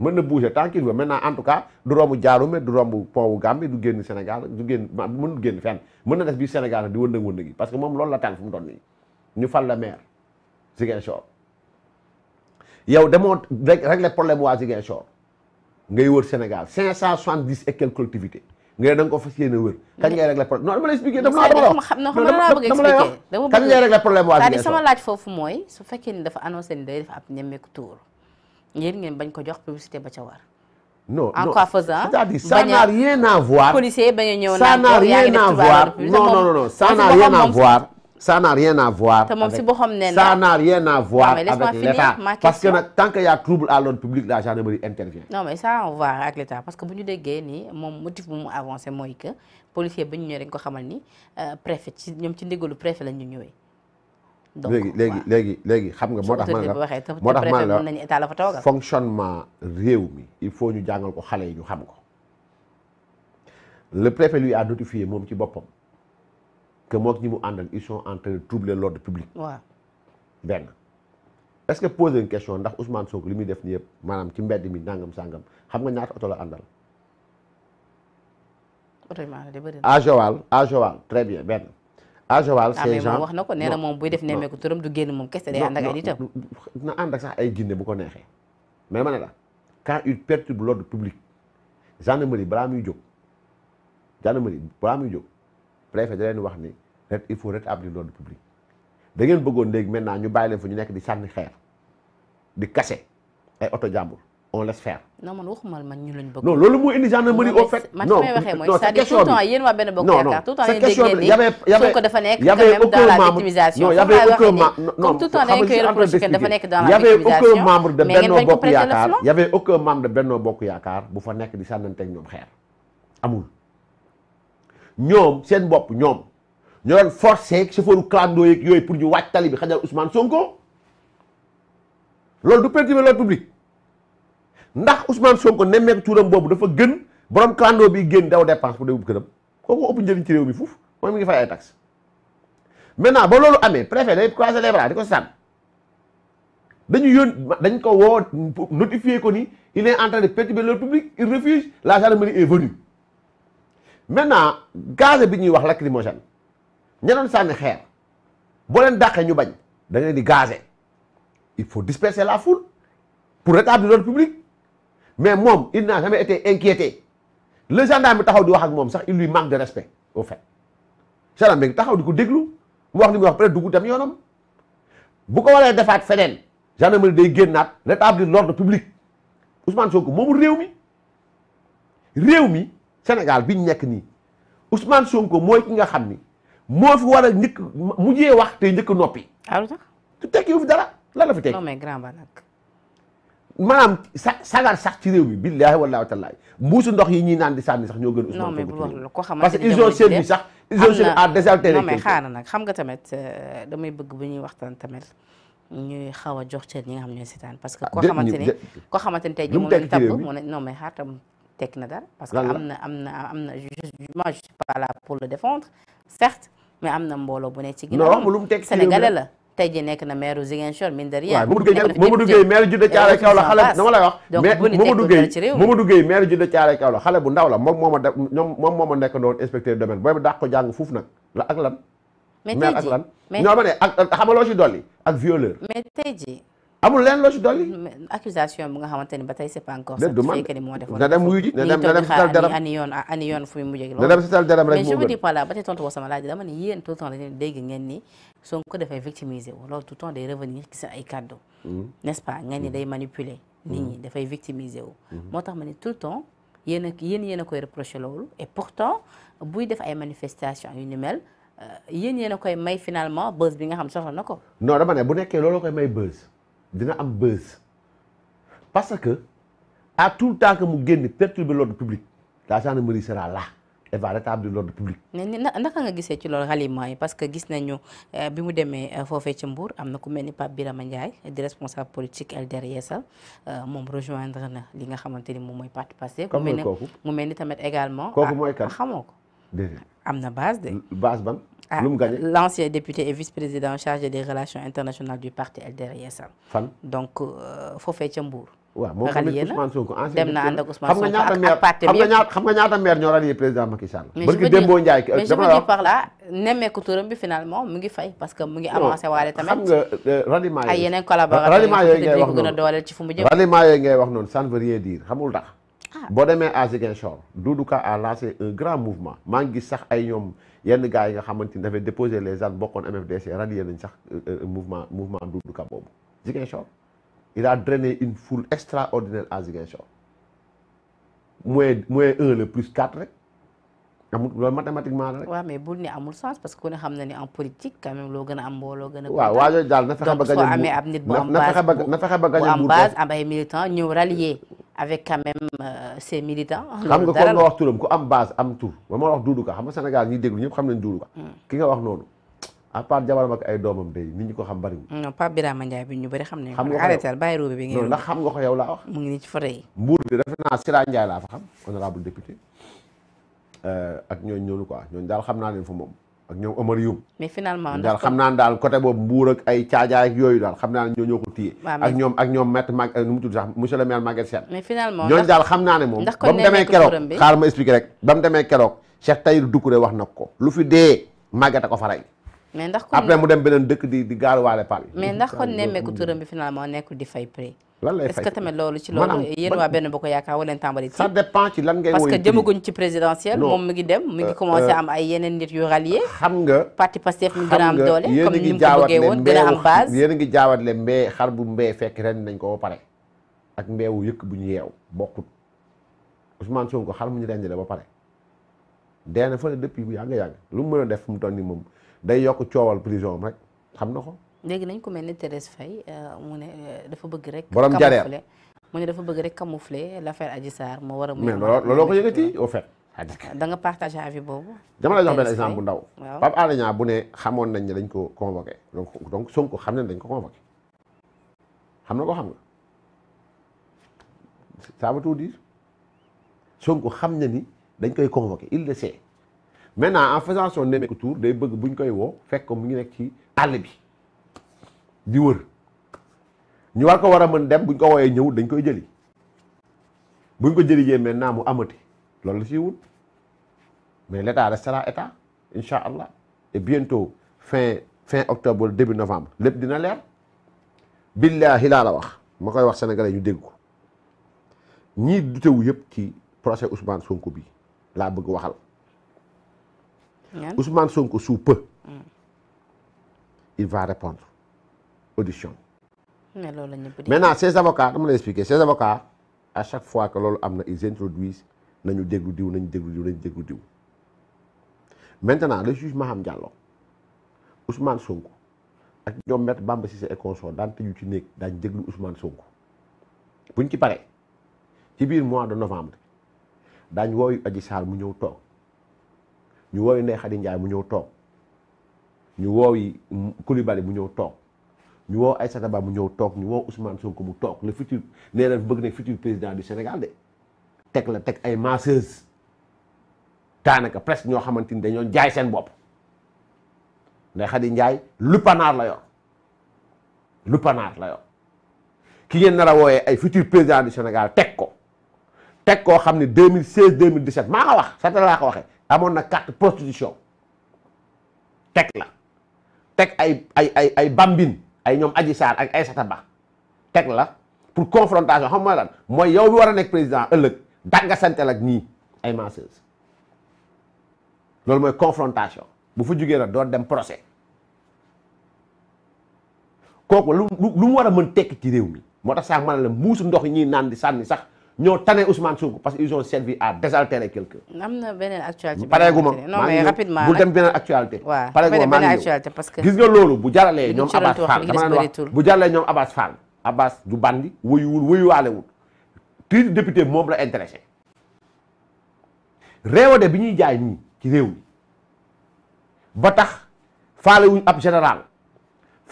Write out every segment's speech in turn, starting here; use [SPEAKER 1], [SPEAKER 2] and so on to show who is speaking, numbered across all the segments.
[SPEAKER 1] mën na bouger tant qu'il veut maintenant en tout cas du romb Diaroume du romb pont wu Gambie du génn Sénégal du génn mënul génn fenn mën na des biir Sénégal di wëndëng wëndëng gi ñu fal la maire Ziguinchor yow demoo régler problème waa Ziguinchor ngay wër Sénégal 570 et quelques collectivités nga ne da nga ko fas yéene wër. kañ ngay régler problème non dama lay expliqué. dama la wax non xam laa bëgg expliqué. dama bëgg kañ ngay régler problème waa Ziguinchor. c'est-à-dire sama
[SPEAKER 2] laaj foofu mooy su fekkee ni dafa annoncé ni day def ab ñemmeeku tour yéen ngeen bañ ko jox publicité ba ca war.
[SPEAKER 1] non en non en quoi faisant. policier
[SPEAKER 2] bañ a ñëw naan ko yaa ngi def tubaab
[SPEAKER 1] y a trouble à l'ordre public la gendarmerie intervient
[SPEAKER 2] non mais ça on ak l'État parce que bu ñu déggee nii moom motif bu mu avancé mooy que policier ba ñu ñëwee dañ ko xamal ni euh, préfet ci ñoom ci ndigalu préfet la ñu ñëwee
[SPEAKER 1] donc léegi léegi léegi léegi xam nga moo tax ma la moo tax ma la fonctionnement réew mi il faut ñu jàngal ko xale yi ñu xam ko le préfet lui a notifié moom ci boppam que mook ñi mu àndal ils sont en train de troubler l'ordre public waaw benn est-ce que poser une question ndax Ousmane sook li muy def ni yëpp maanaam ci mbedd mi nangam sàngam xam nga ñaata otol la àndal
[SPEAKER 2] oto yi
[SPEAKER 1] très bien benn Ah, Joal Saint-Jean ah, wax na ko nee moom buy def nemmeeku
[SPEAKER 2] turam du génn moom kese day ànd
[SPEAKER 1] ak sax ay jinne bu ko neexee mais ma ne la quand il perturbe l'ordre public gendarmerie balaa muy jóg gendarmerie balaa muy jóg préfet da leen wax ni ret il faut rétablir l'ordre public da ngeen bëggoon léegi maintenant ñu bàyyi leen fa ñu nekk di sànni xeer di kase ay oto jàmbur on laisse faire.
[SPEAKER 2] non man waxumal man ñu lañ bëgg. non loolu moo indi gendarmerie au fait. man fi may mooy c'est-à-dire tout waa benn bokk yaakaar dafa nekk quand y avait nekk dans la victimisation mais
[SPEAKER 1] ngeen bañ ko Bokk Yaakaar bu fa nekk di sànnante ak ñoom xeer amul ñoom seen bopp ñoom ñoo doon forcé chauffeur clando yeeg yooyu pour ñu wàcc tali bi xajal Ousmane Sonko loolu du perturber l'ordre public ndax Ousmane Sonko nemmeeku tuuram boobu dafa gën borom clando bi génn daw dépense pour déglu këram kooku ëpp njëriñ ci réew mi foofu moom mi ngi fay ay taxes maintenant ba loolu amee préfet day croiser les bras di ko sànn dañu yón dañ ko woo notifier ko ni il est en de perturber le public il refuse la gendarmerie est venue maintenant gaz bi ñuy wax lacrymogène ña doon sànni xeer boo leen dàqee ñu bañ da di gazer il faut disperser la foule pour mais moom il n'a jamais été inquiété le gendarme bi taxaw di wax ak moom sax il lui manque de respect au fait gendarme bi taxaw di ko déglu mu wax li muy wax duggu être dugg dem yoonam bu ko waree defaat feneen gendarmerie day génnaat rétablir l'ordre public Ousmane Sonko moomu réew mi réew mi Sénégal bi ñu nekk ni Ousmane Sonko mooy ki nga xam ni moo fi war a mu mujjee wax te njëkk noppi. allo ah, sax tu tekki wu fi dara lan la fu tekki. non mais
[SPEAKER 2] grand balak.
[SPEAKER 1] maanaam sa sagar sax ci réew mi billaahi wallaahi taalaa mbuusu ndox yi ñuy naan di sànni sax ñoo gën Ousmane Sonko parce que ils ont servi
[SPEAKER 2] nga tamit euh, damay bëgg bu ñuy waxtaan tamit ñuy xaw a jox cër ñi nga xam ñooy seetaan parce que ah, ko xamante ni koo xamante ni tey jii mu ne non mais xaar tam tekki na dara parce que am na am na am na moi je suis pas là pour le mais am na mbooloo bu ne ci ginnaaw sénégalais la tey ji nekk na maire Ziguinchor mine de rien Mamadou Gueye Mamadou Gueye maire Juddé Thiaroye Kaw la xale dama lay wax Mamadou Gueye Mamadou
[SPEAKER 1] Gueye maire Juddé Thiaroye Kaw la xale bu ndaw la moom moo ma def ñoom moom moo ma nekk doon inspecteur domaine booy bu dàq ko jàng fuuf nag la ak lan
[SPEAKER 2] maire ak lan ñoo ma ne
[SPEAKER 1] ak xamaloo ci dolli ak violeur
[SPEAKER 2] mais tey ji
[SPEAKER 1] amul leen loo ci dolli.
[SPEAKER 2] accusation bi nga xamante ni ba tey c'est pas ni moo defoon na dem wuyu ji na dem na dem setal deram ani yoon ani yoon fu mu mujjee loolu. ba tey tontu ko sama ni yéen tout le temps dañu dégg ngeen wu loolu tout temps day revenir ci seen ay kàddu. Hmm. n'est-ce ngeen ni hmm. day manipuler. nit ñi hmm. dafay victimiser wu. moo tax ma ni tout le temps yéen a yéen yéen a koy reproché loolu et pourtant buy def ay manifestations yu ni mel euh, yéen yeen a koy may finalement buzz bi nga xam soxla na ko.
[SPEAKER 1] non dama ne bu nekkee loolu koy may buzz dina am buzz parce que à tout le temps que mu génn perturber l'ordre public la gendarmerie sera la et va rétablir l'ordre public.
[SPEAKER 2] naka nga gisee ci loolu ralliement yi parce que gis nañu euh, bi mu demee euh, foofee ci Mbour am na ku mel ni Pape Birama Ndiaye di responsable politique LDR Yeesal euh, moom rejoindre na li nga xamante ni moom mooy parti passé. comme mu mel ni tamit également. kooku ah, mooy kan ah, xamoo ko. am na base de.
[SPEAKER 1] base ban. Ah, lu mu gagné l'
[SPEAKER 2] ancien député et vice-président chargé des relations internationales du parti LDR Yeesal. fan donc euh, foofee ca Mbour. waaw moom xam ne Ousmane na ànd ak Ousmane Sonko ak parti bi xam
[SPEAKER 1] nga ñaata maire ñoo rallié président Macky Sall.
[SPEAKER 2] bi finalement mu ngi fay parce que mu ngi avancé waale tamit.
[SPEAKER 1] Euh, ay yeneen collaborateurs a
[SPEAKER 2] dooleel ci fu mu jëm. ralliement
[SPEAKER 1] yooyu ngay wax noonu ça ne veut rien dire xamul tax Ah. boo demee à Ziguinchor Doudou Ka a lancé un grand mouvement maa ngi gis ay ñoom yenn gars yi nga xamante ni dafay déposé les armes bokkoon MFDC rallié nañ sax euh, euh, mouvement mouvement Doudou Ka boobu Ziguinchor il a drainé une foule extraordinaire à Ziguinchor moins moins un le plus quatre rek amul loolu mathématiquement la rek.
[SPEAKER 2] waaw mais bul ni amul sens parce que ku ne xam na ni en politique quand même loo gën a am mbooloo gën a. na fexe ba. gañe
[SPEAKER 1] na fexe ba gañe bu am base
[SPEAKER 2] avec quand même ses euh, militants. xam nga kon nga wax turam
[SPEAKER 1] ku am base am tur ba ma wax Doudou Ka xam nga Sénégal ñi déglu ñëpp xam nañ Doudou Ka. Hmm. ki nga wax noonu à part jabaram ak ay doomam day nit ñi ko xam bariwul.
[SPEAKER 2] Hmm, non Pape Birama Ndiaye bi ñu bari xam ne xam nga ko arrêté bàyyi ruube nga ko yow laa wax. mu ngi nii ci yi.
[SPEAKER 1] Mbour bi defe naa Sira Ndiaye laa fa xam honorable député euh, ak ñooñu ñooñu quoi ñooñu daal xam naa leen fa moom. ak ñoom Omar Youm.
[SPEAKER 2] mais finalement daal xam
[SPEAKER 1] naa daal côté boobu mbuur ak ay yooyu daal xam naa ne ñoom ak ñoom maître mag euh, nu mu tudd sax monsieur le maire Maguette Sène.
[SPEAKER 2] mais finalement ñooñu daal xam naa mu demee keroog xaar ma
[SPEAKER 1] expliqué rek. ba mu demee a
[SPEAKER 2] mais ndax kon après mu dem
[SPEAKER 1] beneen dëkk di di gaaruwaale pal mais ndax kon nemmeeku turam
[SPEAKER 2] finalement nekkul di fay prix lan lay fay est-ce que tamit loolu ci loolu yéen waa benn bokk yaakaar wala leen tàmbali ça dépend ci lan ngay parce que jëmaguñ ci présidentielle moom mi ngi dem mi ngi euh, commencé euh, am ay yeneen nit yu rallié xam nga parti Pastef mi a am doole comme mu ko bëggee woon gën a am base yéen
[SPEAKER 1] a ngi jaawatle mbee xar bu mbee fekk ren nañ ko ba pare ak mbeewu yëkk bu ñu yeew bokkut Ousmane ko xar mu ñu rendi la ba pare dee na fële depuis bu yàgg yàgg lu mu mën a def mu toll ni moom day yokk coowal prison rek xam na ko
[SPEAKER 2] léegi nañ ko mel ni Thérèse Faye euh, mu ne euh, dafa bëgg rek. borom jareer mu ne dafa bëgg rek camoufler l'affaire Adji Sarr moo war a. mais looloo ko yëkkati au fait. Ah, da nga partagé avis boobu. dama la jox benn exemple bu ndaw. waaw Pape
[SPEAKER 1] Alé bu ne xamoon nañ ne dañ ko convoqué donc donc xam nañ dañ ko convoqué xam na ko xam nga ça xam na ni dañ koy convoqué il le sait maintenant en faisant son nemmeeku tour day bëgg buñ koy woo fekk ko mu ngi nekk ci àll bi. di wër ñu war ko war a mën dem buñ ko woowee ñëw dañ koy jëli buñ ko jëli jee maintenant mu amati loolu la siy mais l' état restera état allah et bientôt fin fin octobre début novembre lépp dina leer billaahi laa la wax ma koy wax sénégalais ñu dégg ko ñii dutewu yëpp ci procès Ousmane Sonko bi laa bëgg waxal. Ousmane Sonko sous peu. Mm. il va répondre audition.
[SPEAKER 2] mais naa la ñëpp di maintenant ces
[SPEAKER 1] avocats dama lay expliquer ces avocats à chaque fois que loolu am na ils introduisent nañu déglu diw nañu déglu diw nañu déglu diw maintenant le juge Maham Diallo Ousmane Sonko ak ñoom maître Bamba si et consort daan tëju ci néeg daañ déglu Ousmane Sonko buñ ci pare ci biir mois de novembre daañ wooyu Adji Sarr mu ñëw toog ñu woow Ndeye Khady Ndiaye mu ñëw toog ñu wooyu Coulibaly mu ñëw toog ñu woo Aïssata Ba mu ñëw toog ñu woo Ousmane Sonko mu toog le futur nee na bëgg na futur président du Sénégal de teg la teg ay masseuse daanaka presque ñoo xamante ni dañoo jaay seen bopp nday Xadi Njaay lupanaar la yor lupanaar la yor ki ngeen na la wooyee ay futur président du Sénégal teg ko teg koo xam ne 2016 2017 maa ko wax sata laa ko waxee amoon na carte prostitution teg la teg ay ay ay bambin ay ñoom aji Sarr ak Aïssata Ba teg la pour confrontation xam mooy lan mooy yow bi war a nekk président ëllëg dagga santel ak ñii ay menseuse loolu mooy confrontation bu fu jugee nag doon dem procès kooku lu lu mu war a mën tekki ci réew mi moo tax sax ma ne la mbuusu ndox yi ñuy naan di sànni sax ñoo tane Ousmane Sonko parce que ils ont servi à désaltérer quelqu'un.
[SPEAKER 2] am na beneen actualité. pareeguma non mais rapidement bu dem
[SPEAKER 1] beneen actualité. waaw pareeguma maa ngi ñëw parce que. gis nga loolu bu jaralee ñoom Abass Fall dama leen wax bu jaralee ñoom Abass Fall. Abass du bandi wuyuwul wuyuwaalewul moom la intéressé réewade bi ñuy jaay nii ci réew ba tax faalewuñ ab général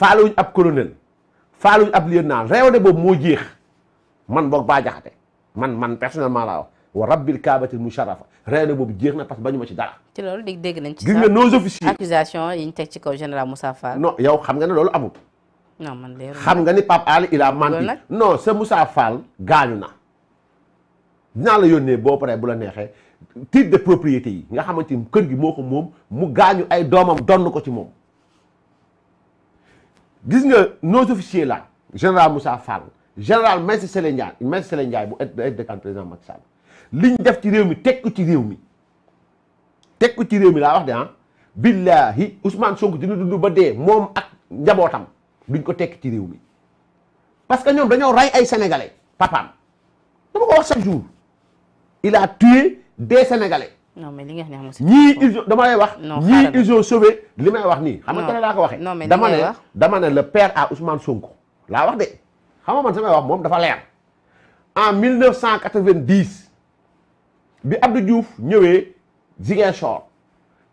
[SPEAKER 1] wuñ ab colonel faalewuñ ab lieutenant réewade boobu moo jeex man boog baa jaxate. man man personnellement laa wax wa rabbil kaabatil musharrafa reene boobu jeex na parce que bañu ma ci dara.
[SPEAKER 2] ci loolu dégg dégg nañ ci sax gis nga nos officiers. yi ñu ci kaw général Moussa
[SPEAKER 1] Fall. non yow xam nga ne loolu amul.
[SPEAKER 2] non man de xam
[SPEAKER 1] nga ni Pape Ali il a menti. non sa Moussa Fall gaañu na. dinaa la yónnee boo paree bu la neexee titre de propriété yi nga xamante ni kër gi moo ko moom mu gaañu ay doomam donn ko ci moom. gis nga nos officiers là général Moussa Fall. général Meïssa Sélé Ndiaye Meïssa Sélé Ndiaye bu aide de camp président Macky Sall liñ def ci réew mi teg ko ci réew mi teg ci réew mi laa wax de ah billahi Ousmane Sonko dina dund ba dee moom ak njabootam duñ ko tekk ci réew mi parce que ñoom dañoo rey ay sénégalais papaam dama ko wax chaque jour il a tué des sénégalais.
[SPEAKER 2] non li nga xam
[SPEAKER 1] ne ñii ils ont dama wax. ñii ils ont li may wax nii. xam nga keneen laa ko waxee. dama ne dama ne le père à Ousmane Sonko laa wax de. xam nga man samay wax moom dafa leer en mille cent 1990 bi Abdou Diouf ñëwee Ziguinchor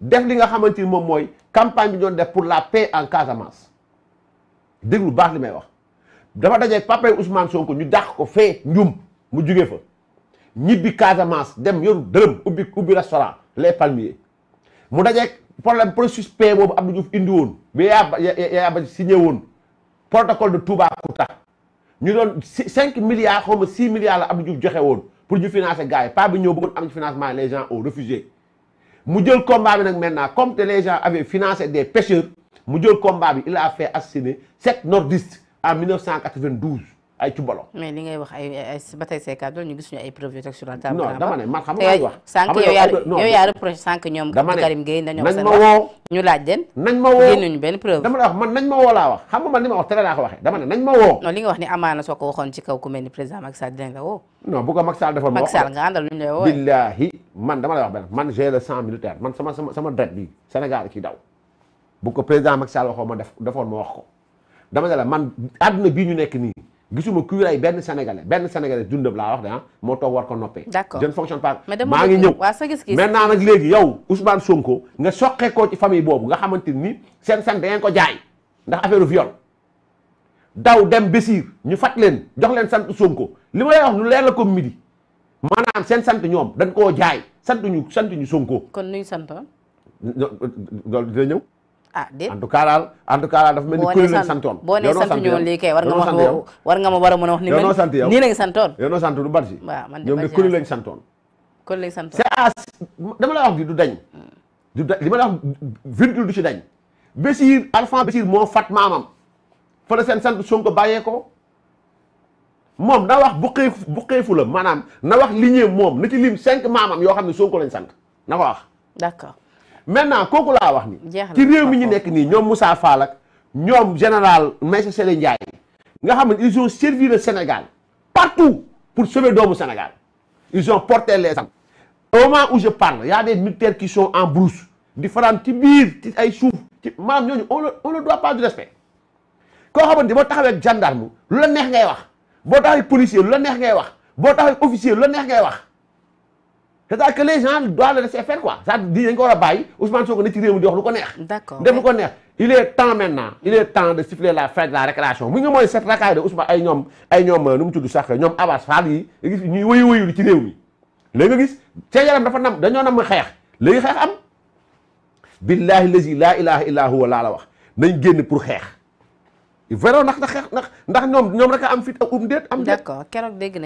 [SPEAKER 1] def li nga xamante ni moom mooy campagne bi doon def pour la paix en Casamance déglu baax li may wax dafa dajee papay Ousmane ko ñu dàq ko fee njum mu jugee fa ñibbi Casamance dem yoru dërëm ubbi ubbi restaurant les palmiers mu dajeek problème processus paix boobu Abdou Diouf indi woon bi yaa yaa ba signé woon protocole de Toubacouta ñu doon cinq milliards xaw ma six milliards la am Diouf joxe woon pour ñu financer gars yi pas bi ñëw bëggoon am financement les gens ont refusé mu jël combat bi nag maintenant comme te les gens avaient des pêcheurs mu jël combat bi il a fait assassiner sept nordistes en 1992 ay cubbaloo
[SPEAKER 2] mais li wax ay ay ba tey ñu gis ñu ay preuve yu nga wax sànq yow yaa yow yaa ñoom dama nañ ma woo ñu laaj leen nañ ma woo génnuñu benn wax man nañ ma woo laa wax xam nga man li ma wax tere laa ko waxee dama ne nañ ma wax ni amaana soo ko waxoon ci kaw ku ni président Macky Sall dinañ la woo non bu ko
[SPEAKER 1] defoon man dama la wax benn man j'ai le ma def defoon ma wax ko dama ne la man àdduna bii ñu nekk nii gisuma kuy rey benn sénégalais benn sénégalais dundam laa wax de ah moo toog war ko noppee. d'accord je ne fonctionne pas. maa ngi ñëw waaw
[SPEAKER 2] sa gis-gis maintenant nag
[SPEAKER 1] léegi yow Ousmane Sonko nga soqee ko ci famille boobu nga xamante ni seen seen da ngeen ko jaay ndax affaire viol daw dem Bessir ñu fat leen jox leen sant Sonko li ma lay wax lu leer la comme midi maanaam seen sant ñoom dañ koo jaay sant ñu sant ñu Sonko. kon nuy sant. loolu ah? dina ñëw. ah déet en tout cas daal en tout cas daal dafa mel ni kuréel lañ santoon boo nee sant ñoon lii kay war nga ma war nga ma war a mën a wax ni yow noo sant yow nii lañ santoon yow noo sant du bari si waaw man ñoom de kuréel lañ santoon
[SPEAKER 2] kuréel lañ santoon c'est
[SPEAKER 1] as dama la wax bi du dañ du dañ li ma la wax virgule du ci dañ Bessir Alphan Bessir moo fat maamam fa la seen sant Sonko bàyyee ko moom na wax bu xëy bu xëyfu la maanaam na wax lignée moom na ci lim cinq maamam yoo xam ne Sonko lañ sant na ko wax d'accord maintenant kooku laa wax ni ci réew mi ñu nekk nii ñoom Moussa Fall ak ñoom général Maïssa Sélé Ndiaye nga xam ne ils ont servi le Sénégal partout pour sauver doomu Sénégal ils ont porté les armes au moment où je parle y a des militaires qui en brousse di fanaan ci biir ci ay suuf ci maanaam ñooñu on on ne doit pas du respect koo xamante boo taxawee gendarme lu la neex ngay wax boo taxawee policier lu la neex ngay wax boo taxawee officier lu la neex ngay wax c'est-à-dire que les gens doivent le laisser faire quoi c'est-à-dire di dañ ko a bàyyi Ousmane Sonko ne ci réew mi di wax lu ko neex def lu ko neex il est temps maintenant il est temps de siffler la fin de la récréation mu ngi mooy cette racaille de Ousmane ay ñoom ay ñoom euh, nu mu tudd sax ñoom Abbas Fall yi gis ñuy wëyu wëyulu ci réew mi léegi nga gis seen yaram dafa nam dañoo nam xeex léegi xeex am billahi lazi laa ilaha illa huwa laa la wax nañ génn pour xeex vraiment ndax ndax xeex ndax ndax ñoom ñoom rek a am fit ak um déet